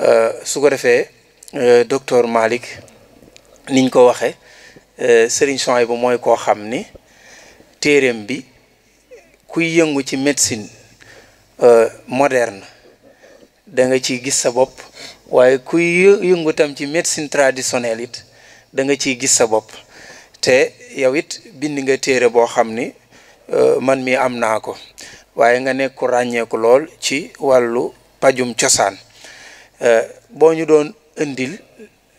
Euh, su ko defee euh, docteur Malick niñ ko waxee euh, Serigne Souhaïbou bu mooy koo xam ni téereem bi kuy yëngu ci médecine moderne da nga ciy gis sa bopp waaye kuy yëngu tam ci médecine traditionnelle it da nga ciy gis sa bopp te yow it bind nga téere boo xam ni man mi am naa ko waaye nga nekk ràññeeku lool ci wàllu pajum cosaan Euh, boo ñu doon indil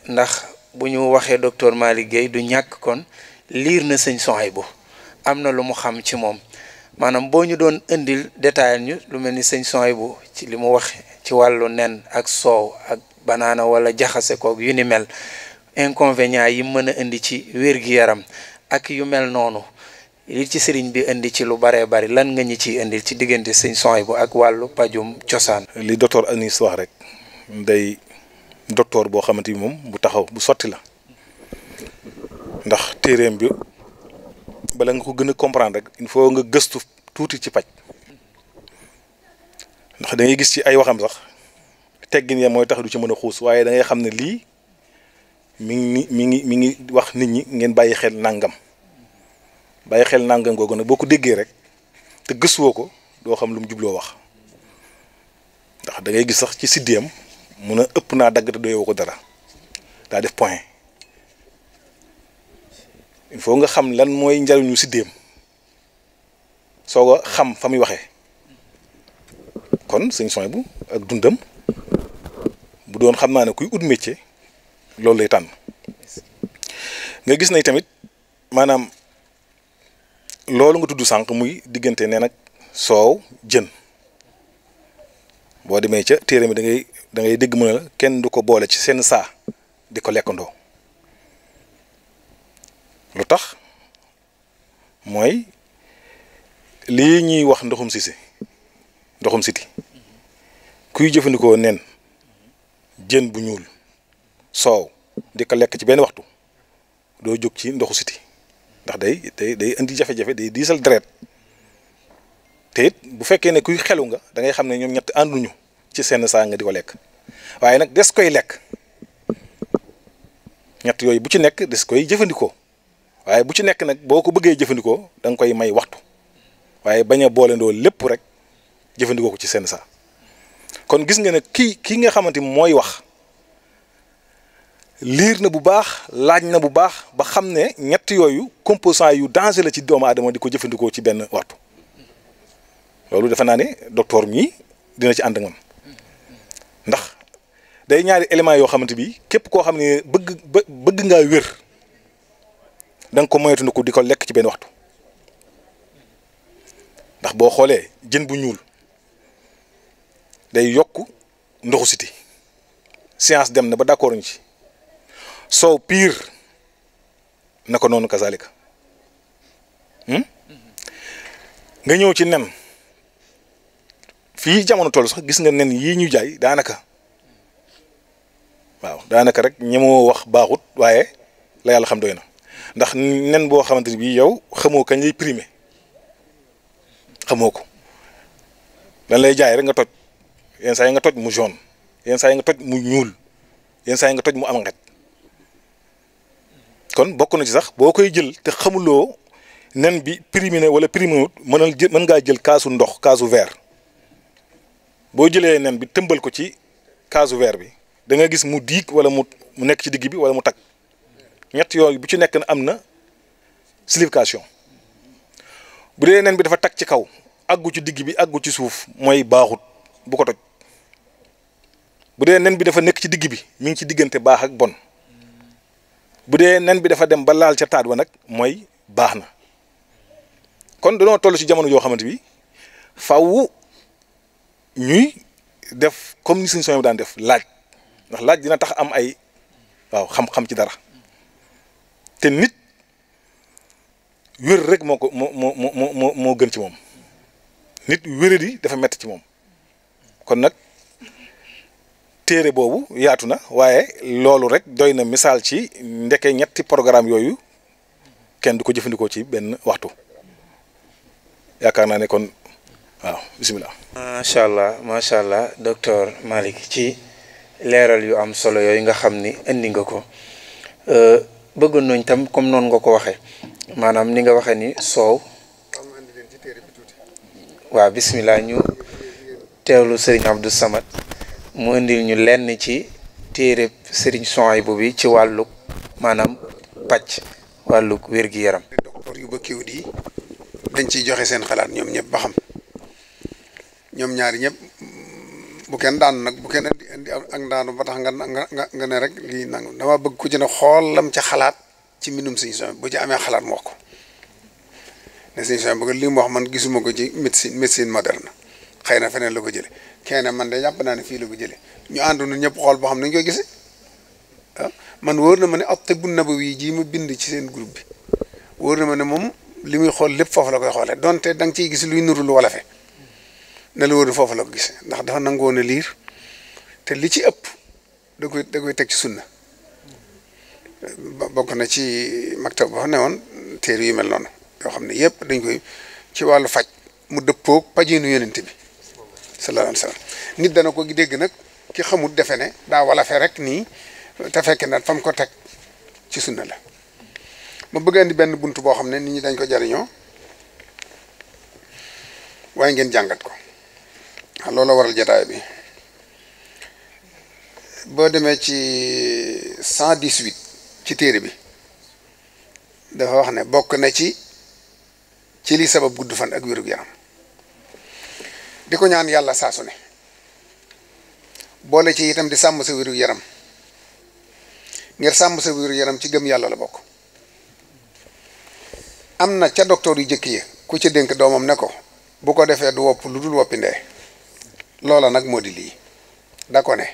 ndax bu ñu waxee docteur Malick Guèye du ñàkk kon liir na sëñ Souhaïbou am na lu mu xam ci moom maanaam boo ñu doon indil détail ñu lu mel ni sëñ bu ci li mu wax ci wàllu nen ak soow ak banaana wala jaxase koog yu ni mel inconvénient yi mën a indi ci wér-gi-yaram ak yu mel noonu li ci sëriñ bi indi ci lu baree bari lan nga ñu ciy indil ci diggante sëñ Souhaïbou ak wàllu pajum cosaan. li docteur Anis wax rek. day docteur boo xamante ni moom bu taxaw bu sotti la ndax téereem bi bala nga ko gën a comprendre rek il faut nga gëstu tuuti ci paj ndax da gis ci ay waxam sax teggin ya mooy tax du ci mën a xuus waaye dangay xam ne lii mi ngi mi ngi mi ngi wax nit ñi ngeen bàyyi xel nàngam bàyyi xel nàngam googu nag boo ko déggee rek te gësuwoo ko doo xam lu mu jubloo wax ndax dangay gis sax ci siddiyam mun a ëpp naa dagg te doyoo ko dara daa def point il faut nga xam lan mooy njariñu siddéem soow a xam fa muy waxee kon sëñ soñ bu ak dundam bu doon xam naa ne kuy ut métier loolu lay tànn nga gis na tamit maanaam loolu nga tudd sànq muy diggante nee nag soow jën boo demee ca téere mi da dangay dégg mu ne la kenn du ko boole ci seen saa di ko lekkandoo lu tax mooy li ñuy wax ndoxum sisi ndoxum siti kuy jëfandikoo nen jën bu ñuul soow di ko lekk ci benn waxtu doo jóg ci ndoxu siti ndax day day day indi jafe-jafe day diisal deret te it bu fekkee ne kuy xelu nga da ngay xam ne ñoom ñett ànduñu ci seen saa nga di ko lekk waaye nag des koy lekk ñett yooyu bu ci nekk des koy jëfandikoo waaye bu ci nekk nag boo ko bëggee jëfandikoo da nga koy may waxtu waaye bañ a boolendoo lépp rek jëfandikoo ko ci seen saa kon gis nga ne kii kii nga xamante mooy wax liir na bu baax laaj na bu baax ba xam ne ñett yooyu composant yu danger la ci doomu aadama di ko jëfandikoo ci benn waxtu loolu defe naa ne docteur mi dina ci ànd ak ndax day ñaari éléments yoo xamante bi képp koo xam ne bëgg bëgg ngaa wér da ko moytu ko di ko lekk ci benn waxtu ndax boo xoolee jën bu ñuul day yokk ndoxu siti science dem na ba d'accord ñu ci soow piir na ko noonu kazalika hmm? nga ñëw ci nen fii jamono toll sax gis nga nen yii ñu jaay daanaka waaw daanaka rek ñemoo wax baaxut waaye la xam doy na ndax nen boo xamante ni bii yow xamoo kañ lay primé xamoo ko dan lay jaay rek nga toj yenn saa yi nga toj mu jaune yenn saa nga toj mu ñuul yenn saa nga toj mu am nget kon bokk na ci sax boo koy jël te xamuloo nen bi primé na wala primé wut mënal jël mën ngaa jël kaasu ndox kaasu verre. boo jëlee nen bi tëmbal ko ci case vert bi da gis mu diig wala mu mu nekk ci digg bi wala mu tag ñett yooyu bu ci nekk na am na slification bu dee nen bi dafa tag ci kaw aggu ci digg bi aggu ci suuf mooy baaxut bu ko toj bu dee nen bi dafa nekk ci digg bi mu ngi ci diggante baax ak bon bu dee nen bi dafa dem ba laal ca taat wa nag mooy baax na kon dañoo toll ci jamono yoo xamante bi faaw ñuy def comme ni suñu sooy daan def laaj ndax laaj dina tax am ay waaw xam-xam ci dara te nit wér rek moo ko moo moo moo moo gën ci moom nit wéradi dafa métti ci moom kon nag téere boobu yaatu na waaye loolu rek doy na misaal ci ndeke ñetti programme yooyu kenn du ko jëfandikoo ci benn waxtu yaakaar naa ne kon waaw bisimilah. macha allah macha allah docteur Malick ci leeral yu am solo yooyu nga xam ni indi nga ko euh, bëggoon nañ tam comme noonu nga ko waxee maanaam ni nga waxee ni soow waaw bisimilah ñu teewlu sëriñ Abdou Samad mu indi ñu lenn ci téere sëriñ Souhaïbou bi ci wàllug maanaam pàcc wàlluk wér-gi-yaram. docteur yu ba di dañ ciy joxe seen xalaat ñoom ñëpp ba xam. ñoom ñaari ñëpp bu kenn daanu nag bu kenn andi andi ak daanu ba tax nga nga nga ne rek lii nangam dama bëgg ku ci ne xool lam ca xalaat ci mbindum Sëñ Souhaïbou bu ci amee xalaat mu wax ko ne Sëñ Souhaïbou bu li mu wax man gisuma ko ci médecine médecine moderne xëy na feneen la ko jële kenn man de jàpp naa ne fii la ko jële ñu àndoon ñëpp xool boo xam nañu koy gisee ah, man wóor na ma ne at-tibbu nabawi jii ma bind ci seen groupe bi wóor na ma ne moom li muy xool lépp foofu la koy xoolee donte da nga gis luy nuru lu wala ne la foofu la ko gis ndax dafa nangoon a liir te li ci ëpp da koy da koy teg ci sunna bokk na ci maktab ba fa newoon téere yu mel noonu yoo xam ne yëpp dañ koy ci wàllu faj mu dëppoog pajinu yi bi sallallahu alayhi wa sallam nit dana ko dégg nag ki xamul defe ne daa wala fe rek nii te fekk na fa mu ko teg ci sunna la ma bëgg andi benn bunt boo xam ne nit ñi dañ ko jariñoo waaye ngeen jàngat ko waaw ah, loolu waral jataay bi boo demee ci cent dix-huit ci téere bi dafa wax ne bokk na ci ci li sabab gudd fan ak wérug yaram di ko ñaan yàlla saasu ne boole ci itam di sàmm sa wérug yaram ngir sàmm sa wérug yaram ci gëm yàlla la bokk am na ca docteur yu jëkk yi ku ci dénk doomam ne ko bu ko defee du wopp lu dul woppi ndee loola nag moo di lii da ko ne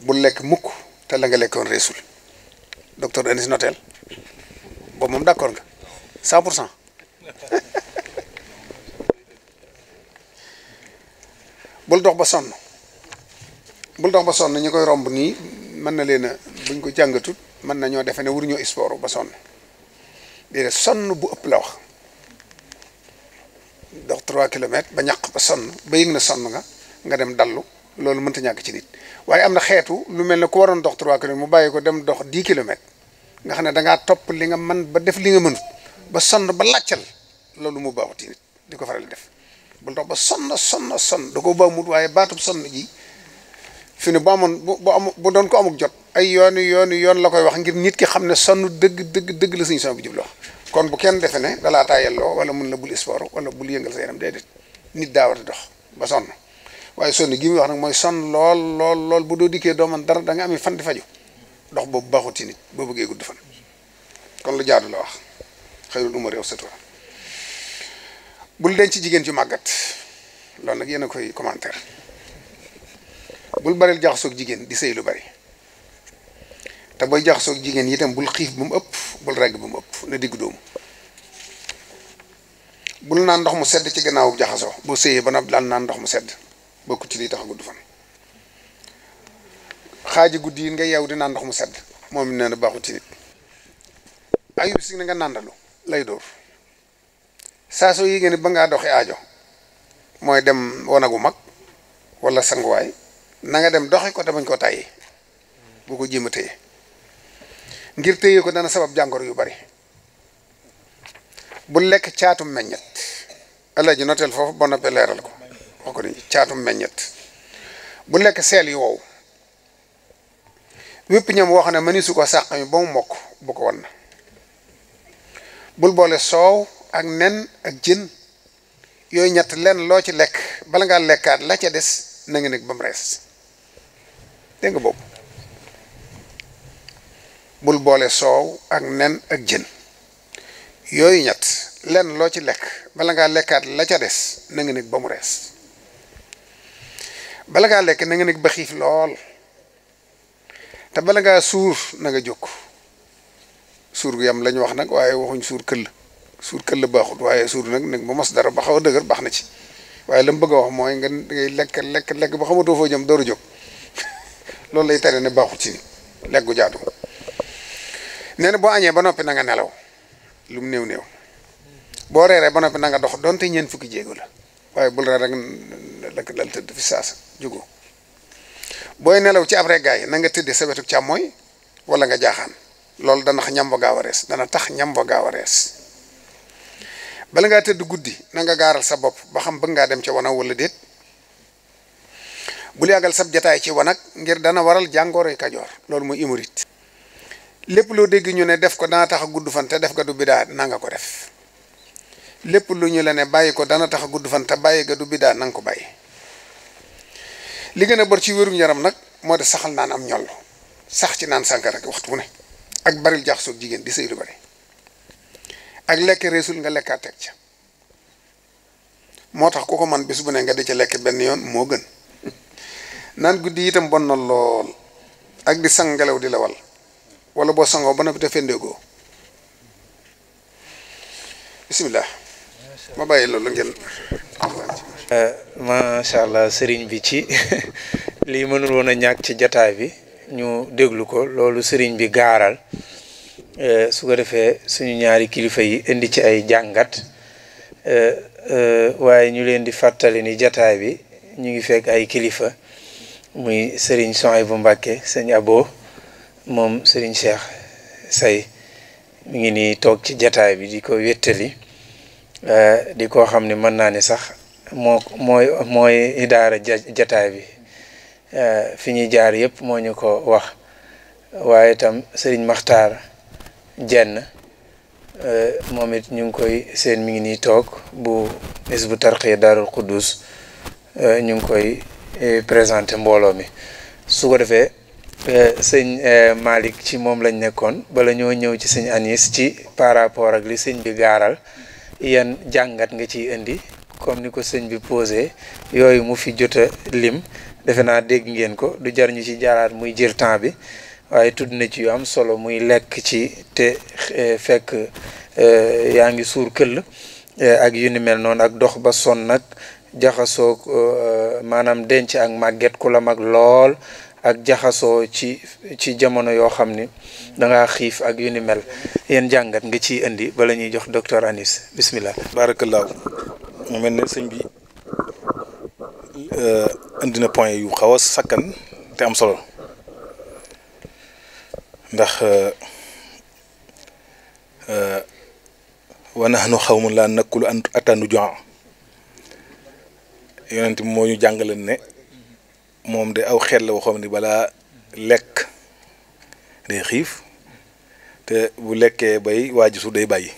bul lekk mukk te la nga lekkoon reesul docteur Anis Notel boobu moom d'accord nga bul dox ba sonn bul dox ba sonn ñu koy romb nii mën na leen a buñ ko jàngatut mën na ñoo defe ne waruñoo sport ba sonn déedéet sonn bu ëpp la wax dox trois kilomètres ba ñaq ba sonn ba yëg na sonn nga nga dem dallu loolu mënta ñàkk ci nit waaye am na xeetu lu mel ne ku waroon dox trois kilomètres mu bàyyi ko dem dox di kilomètres nga xam ne da topp li nga man ba def li nga mënut ba sonn ba làccal loolu mu baaxut ci nit di ko faral def bul dox ba sonn sonn sonn da ko baamut waaye baatub sonn ji fi ne bu amoon bu bu am bu doon ko amuk jot ay yoon yoonu yoon la koy wax ngir nit ki xam ne sonn dëgg dëgg dëgg la suñu son bu jub la kon bu kenn defe ne dalaa yelloo wala mun la bul sport wala bul yëngal sa yaram de nit di dox ba sonn waaye sonn gi muy wax nag mooy sonn lool lool lool bu doo dikkee doo man dara danga nga fan di faju dox boobu baaxut ci nit boo bëggee gudd fan kon lu jaadu la wax xëyrul umar yow satuwa bul denc jigéen ci màggat loolu nag yéen a koy commentaire bul baril jaxasoog jigéen di sëy lu bari te booy jaxasoo ak jigéen yi itam bul xiif bu mu ëpp bul regg bu mu ëpp na digg doomu bul naan ndox mu sedd ci gannaaw jaxasoo boo séyee ba nag daan naan ndox mu sedd bokku ci lii tax a gudd fan xaaji nga yeew di naan mu sedd moom nee na baaxu ci nit ayub si na nga nàndalu lay dóor saa soo yéegée ne ba ngaa doxi aajo mooy dem wanagu mag wala sanguwaay na nga dem doxi ko te bañ koo tàyyi boo ko jéem a téye ngir téye ko dana sabab jàngoro yu bari bu lekk caatum meññet allah ji noteel foofu ba noppee leeral ko wax ko ni caatum meññet bu lekk seel yu wow wépp ñam woo xam ne mëni su ko sàq mi ba mu mokk bu ko wan na bul boole soow ak nen ak jën yooyu ñett lenn loo ci lekk bala ngaa lekkaat la ca des na nga nekk ba mu rees dégg boobu bul boole soow ak nen ak jën yooyu ñett lenn loo ci lekk bala ngaa lekkaat la ca des na nga nekk ba mu rees bala ngaa lekk na nga nekk ba xiif lool te bala ngaa suur na nga suur gu yam la ñu wax nag waaye waxuñ suur këll suur këll baaxut waaye suur nag nag ba mos dara ba xaw a dëgër baax na ci waaye la mu bëgg a wax mooy nga ngay lekk lekk lekk ba xamatoo foo jëm dooru jóg loolu lay tere ne baaxut ci lekk gu jaadu nee boo añee ba noppi na nga nelaw lu mu néew néew boo reeree ba noppi na nga dox donte ñeent fukki jéego la waaye bul reer rek lak dal tëdd fi saasa jógoo booy nelaw ci ab reggaay na nga tëddee sa wetu càmmooy wala nga jaaxaan loolu dana tax ñambo gaaw rees dana tax ñambo gaaw a rees bala ngaa tëdd guddi na nga gaaral sa bopp ba xam bëgg ngaa dem ca wanag wala déet bul yàggal sab jataay ci wanag ngir dana waral jàngoroy kajoor loolu mooy imurit lépp loo dégg ñu ne def ko dana tax a gudd fan te def ga du bidaa nanga ko def lépp lu ñu la ne bàyyi ko dana tax a gudd fan te bàyyi ga du bidaa na ko bàyyi li gën a bor ci wérum yaram nag moo de saxal naan am ñoll sax ci naan sànq rek waxtu bu ne ak baril jaax soog jigéen di sëy lu bari ak lekk reesul nga lekka teg ca moo tax ku ko man bis bu ne nga di ca lekk benn yoon moo gën naan guddi itam bon na lool ak di ngelaw di lawal wala boo sangoo ba noppi te fendeegoo bisimilah ma bàyyi loolu ngeen. macha allah sëriñ bi ci lii mënul woon a ñàkk ci jataay bi ñu déglu ko loolu sëriñ bi gaaral eh, su ko defee suñu ñaari kilifa yi indi ci ay jàngat eh, eh, waaye ñu leen di fàttali ni jataay bi ñu ngi fekk ay kilifa muy sëriñ Sohaybou Mbacké sëñ Abo. moom sëriñ Cheikh Say mu ngi nii toog ci jataay bi di ko wéttali eh, di koo xam ne mën naa ni sax moo mooy mooy idaara jataay bi eh, fi ñuy jaar yëpp moo ñu ko wax waaye itam sëriñ Maxtaar Jenn eh, moom it ñu ngi koy seen mi ngi nii toog bu Hizbut Tarqiyyah Daarul Quddus ñu ngi koy présenté mbooloo mi su ko defee Eh, sëñ eh, Malick ci moom lañ nekkoon bala ñoo ñëw ci sëñ Anis ci par rapport ak li sëñ bi gaaral yan jàngat nga ci indi comme ni ko sëñ bi posé yooyu mu fi jot lim defe naa dégg ngeen ko du jar ñu ci jaaraat muy jël temps bi waaye tudd na ci yu am solo muy lekk ci te eh, fekk yaa ngi suur këll ak yu ni mel noonu ak dox ba sonn nag jaxasoo maanaam denc ak màgget ku la mag lool. ak jaxasoo ci ci jamono yoo xam ni danga xiif ak yu ni mel yéen jàngat nga ci indi bala ñuy jox docteur Anis bismillah barakallahu mu mel ne sëñ bi euh, indi na point yu xaw a sakkan te am solo ndax euh, euh, wa nahnu xawmun laa nakulu an atanu ju'a yonent moo ñu jàngale ne moom de aw xel la waxoon ni balaa lekk day xiif te bu lekkee bay waaju su day bàyyi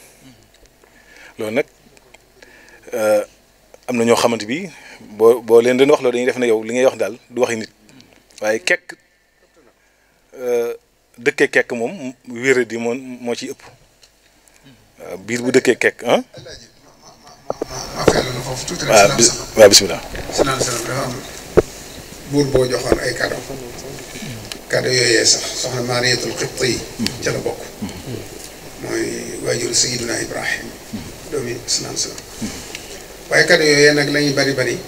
loolu nag eh, am na ñoo xamante bi boo boo leen doon wax loolu dañuy def na yow li ngay wax daal du waxi nit waaye kekk eh, dëkkee kekk moom wéra di moom moo ci ëpp eh, biir bu dëkkee kekk ah, ah waaw buur boo joxoon ay cadeau cadeau yooyee sax soxna Maariyatul Qibti yi ca la bokk mooy waajur Sayyiduna Ibrahim doomi islam si waaye cadeau yooyee nag la ñuy bari bari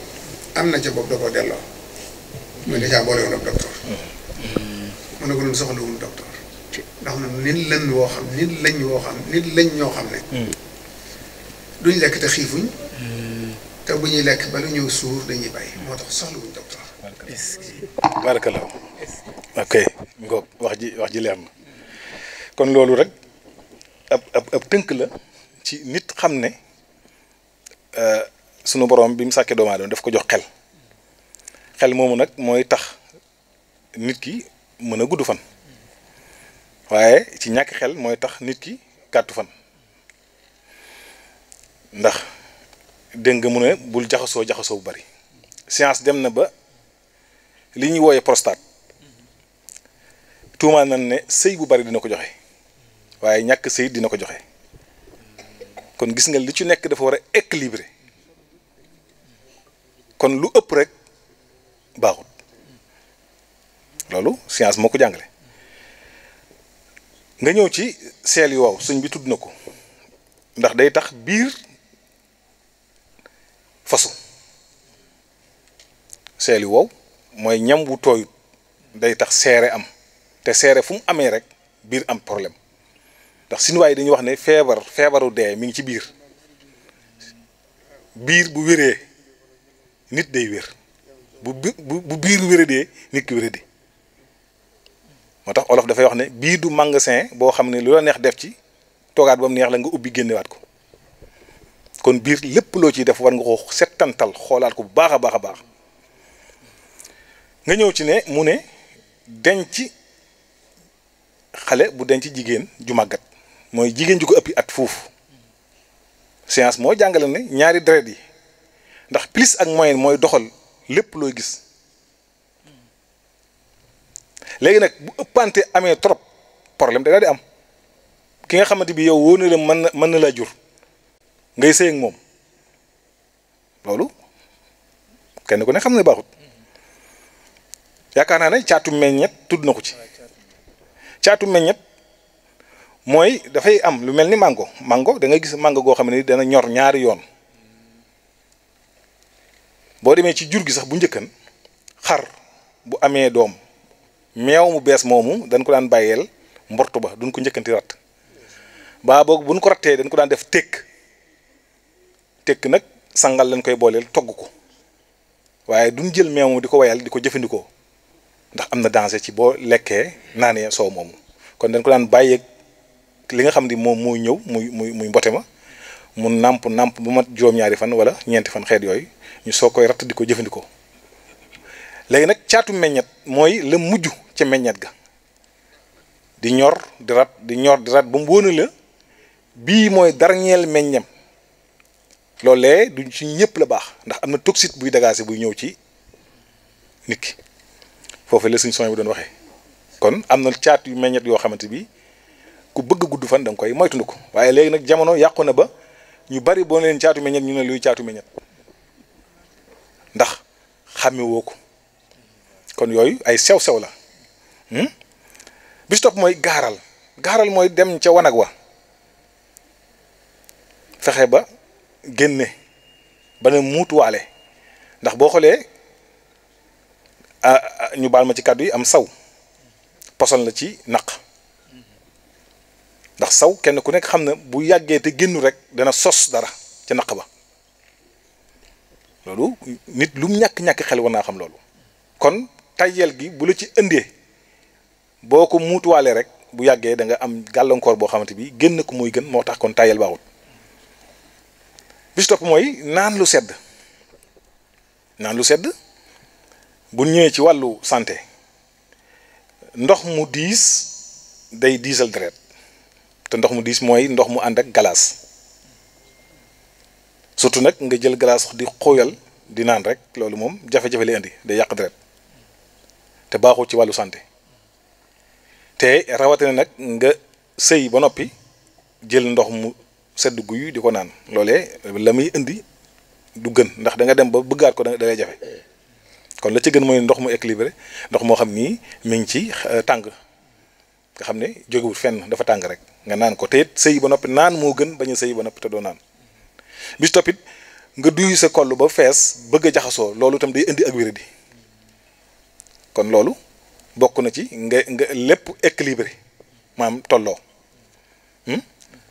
am na ca bopp da ko delloo mooy dèjà boole woon ak docteur mu ne ndax nag nit lañ woo xam nit lañ ñoo xam ne duñ lekk te xiifuñ mm. te bu ñuy lekk ba lu ñëw suur dañuy bàyyi moo tax soxlawuñ docteur barakallahu ok wax ji wax ji leer kon loolu rek ab ab tënk la ci nit xam ne euh, sunu borom bi mu sàkkee doomu aadama daf ko jox xel xel moomu nag mooy tax nit ki mën a gudd fan waaye ci ñàkk xel mooy tax nit ki gàttu fan ndax dégg nga mu ne bul jaxasoo jaxasoo bu bari science dem na ba. li ñuy wooyee prostate tuumaal nañ ne sëy bu bari dina ko joxe waaye ñàkk sëy dina ko joxe kon gis nga li ci nekk dafa war a équilibré kon lu ëpp rek baaxut loolu science moo ko jàngale nga ñëw ci seel yu wow sëñ bi tudd na ko ndax day tax biir fasu seel yu wow mooy ñam wu tooyut day tax seere am te seere fu mu amee rek biir am problème ndax sinuwaay dañuy wax ne feebar feebaru dee mi ngi ci biir biir bu wéree nit day wér bu bu biir wéradee nit ki wéradi moo tax olof dafay wax ne bii du magasin boo xam ne lu la neex def ci toogaat ba neex la nga ubbi génnewaat ko kon biir lépp loo ci def war nga ko settantal xoolaat ko bu baax a baax a baax nga ñëw ci ne mu ne denc xale bu denc jigéen ju màggat mooy jigéen ju ko ëppi at fuuf science moo jàngale ne ñaari deret yi ndax plus ak moyen mooy doxal lépp looy gis léegi nag bu ëppante amee trop problème da di am ki nga xamante bi yow woo na la mën na mën na laa jur ngay sëy moom loolu kenn ku ne xam ne baaxut yaakaar naa ne caatu meññet tudd na ko ci caatu meññet mooy dafay am lu mel ni màngo màngo dangay gis mango goo xam ne dana ñor ñaari yoon boo demee ci jur gi sax bu njëkkan xar bu amee doom meew mu bees moomu dañ ko daan bàyyeel mbortu ba duñ ko njëkkanti rat baa boog buñ ko rattee dañ ko daan def tekk tekk nag sangal lañ koy booleel togg ko waaye duñ jël meew mu di ko wayal di ko jëfandikoo ndax am na danger ci boo lekkee naanee soow moomu kon dañ ko daan bàyyeeg li nga xam ni moom muy ñëw muy muy muy mbote ma mu nàmp nàmp bu mat juróom-ñaari fan wala ñeenti fan xeet yooyu ñu soo koy ratt di ko jëfandikoo léegi nag caatu meññet mooy la mujj ca meññet ga di ñor di rat di ñor di rat ba mu wóona la bii mooy dernier meññam loolee du ci ñëpp la baax ndax am na toxite buy dagaase buy ñëw ci nit ki foofu la suñ son bi doon waxee kon am na caat yu meññet yoo xamante bi ku bëgg gudd fan da nga koy moytu ko waaye léegi nag jamono yàqu na ba ñu bari boo leen caatu meññet ñu ne luy caatu meññet ndax xàmme woo ko kon yooyu ay sew sew la hmm? bis topp mooy gaaral gaaral mooy dem ca wanag wa fexe ba génne ba ne muutuwaale ndax boo xoolee Ah, ah, ñu baal ma ci kàddu yi am saw poson la ci naq ndax saw kenn ku nekk xam na bu yàggee te génnu rek dana sos dara ca naq ba loolu nit lu ñàkk-ñàkk xel war naa xam loolu kon tayyel gi bu la ci indee boo ko muutuwaalee rek bu yàggee danga am gàllankoor boo xamante bi génn ko muy gën moo tax kon tayyel baaxut bis mooy naan lu sedd naan lu sedd bu ñëwee ci wàllu santé ndox mu diis day diisal deret te ndox mu diis mooy ndox mu ànd ak glace surtout nag nga jël glace di xóoyal di naan rek loolu moom jafe-jafe lay indi day yàq deret te baaxul ci wàllu santé te rawatina nag nga sëy ba noppi jël ndox mu sedd guy di ko naan loolee la muy indi du gën ndax da nga dem ba bëggaat ko da jafe. kon la ci gën mooy ndox mu équilibré ndox moo xam ni mi ngi ci eh, tàng nga xam ne jógewul fenn dafa tàng rek nga naan ko te it sëy ba noppi naan moo gën bañ sëy ba noppi te doo naan bis nga duy sa kol ba fees bëgg a jaxasoo loolu tam day indi ak wéradi kon loolu bokk na ci nga nga lépp équilibré maam tolloo hmm?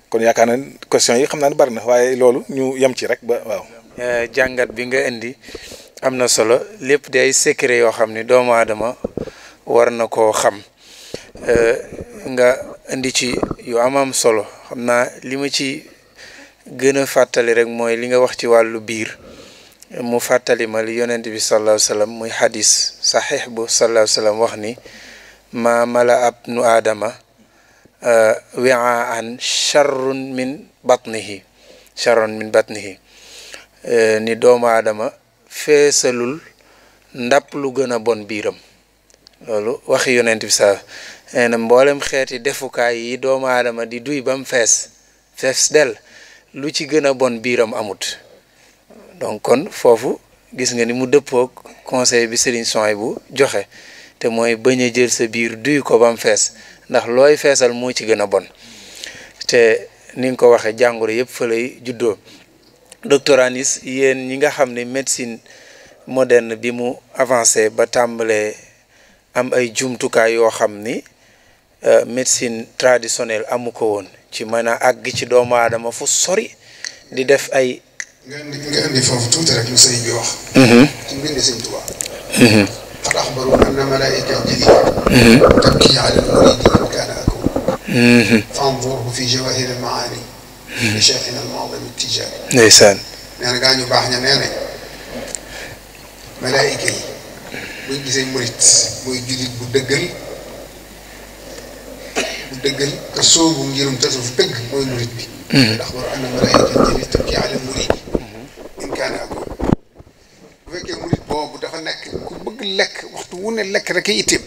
kon yaakaar na question yi xam naa ne bari na waaye loolu ñu yem ci rek ba waaw. Eh, jàngat bi nga indi. am na solo lépp di ay secret yoo xam ni doomu aadama war na koo xam eh, nga indi ci yu am am solo xam naa li ma ci gën a fàttali rek mooy li nga wax ci wàllu biir mu fàttali ma li yonent bi sallallahu alayhi muy xadis saxiix bu sallallahu alayhi wax ni ma mala ab nu aadama eh, wiaan charrun min batnihi charrun min batnihi eh, ni doomu aadama feesalul ndap lu gën a bon biiram loolu waxi yonent bi saa nee na mboolem xeeti defukaay yi doomu aadama di duy ba mu fees fees del lu ci gën a bon biiram amut donc kon foofu gis nga ni mu dëppook conseil bi Serigne Soy bu joxe te mooy bañ a jël sa biir duy ko ba mu fees ndax looy feesal moo ci gën a bon te ni nga ko waxee jàngoro yëpp fa lay juddoo docteur Anis yéen ñi nga xam ne médecine moderne bi mu avancé ba tàmbalee am ay jumtukaay yoo xam ni euh, médecine traditionnelle amu ko woon ci mana a àgg ci doomu aadama fu sori di def ay. nga maani mhm. cheikh Ibrahima Mawlana Tijaan. gaa ñu baax ña nee nañ malaayika yi buñ gisee murit mooy jullit bu dëggal bu dëggal te soobu ngirum tasawuf dëgg mooy murit bi. Mhm. ndax war anna malaayika jëli tabki ala murit in kaana ako bu fekkee murit boobu dafa nekk ku bëgg lekk waxtu wu ne lekk rek ay itteem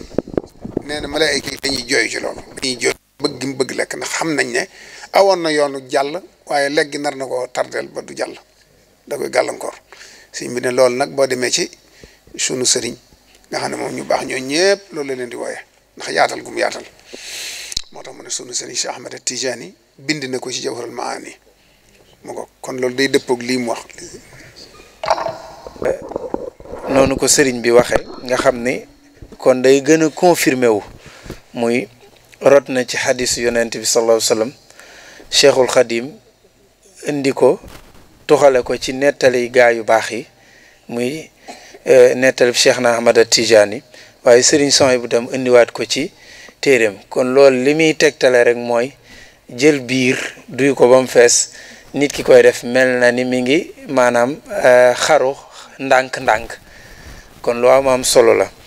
nee na malaayika yi dañuy jooy ci loolu dañuy jooy bëgg mu bëgg lekk ndax xam nañ ne. awoon na yoonu jàll waaye léegi nar na ko tardeel ba du jàll da koy gàllankoor sëñ bi ne loolu nag boo demee ci sunu sëriñ nga xam ne moom ñu baax ñoo ñëpp loolu la leen di wooye ndax yaatal gum yaatal moo tax mu ne sunu sëriñ Cheikh Ahmed Tidiane bind na ko ci Jawharul Maani mu ko kon loolu day dëppoog lii mu wax noonu ko sëriñ bi waxee nga xam ni kon day gën a confirmé wu muy rot na ci xadis yonent bi sallallahu alayhi wa cheikhul xadim indi ko toxale ko ci nettali gaa yu baax yi muy eh, nettali cheikh na ahmada tijaani waaye sëriñ son bu dem indiwaat ko ci téeréem kon loolu li muy tegtale rek mooy jël biir duy ko ba mu fees nit ki koy def mel na ni mu ngi maanaam eh, xaru ndànk-ndànk kon loo am am solo la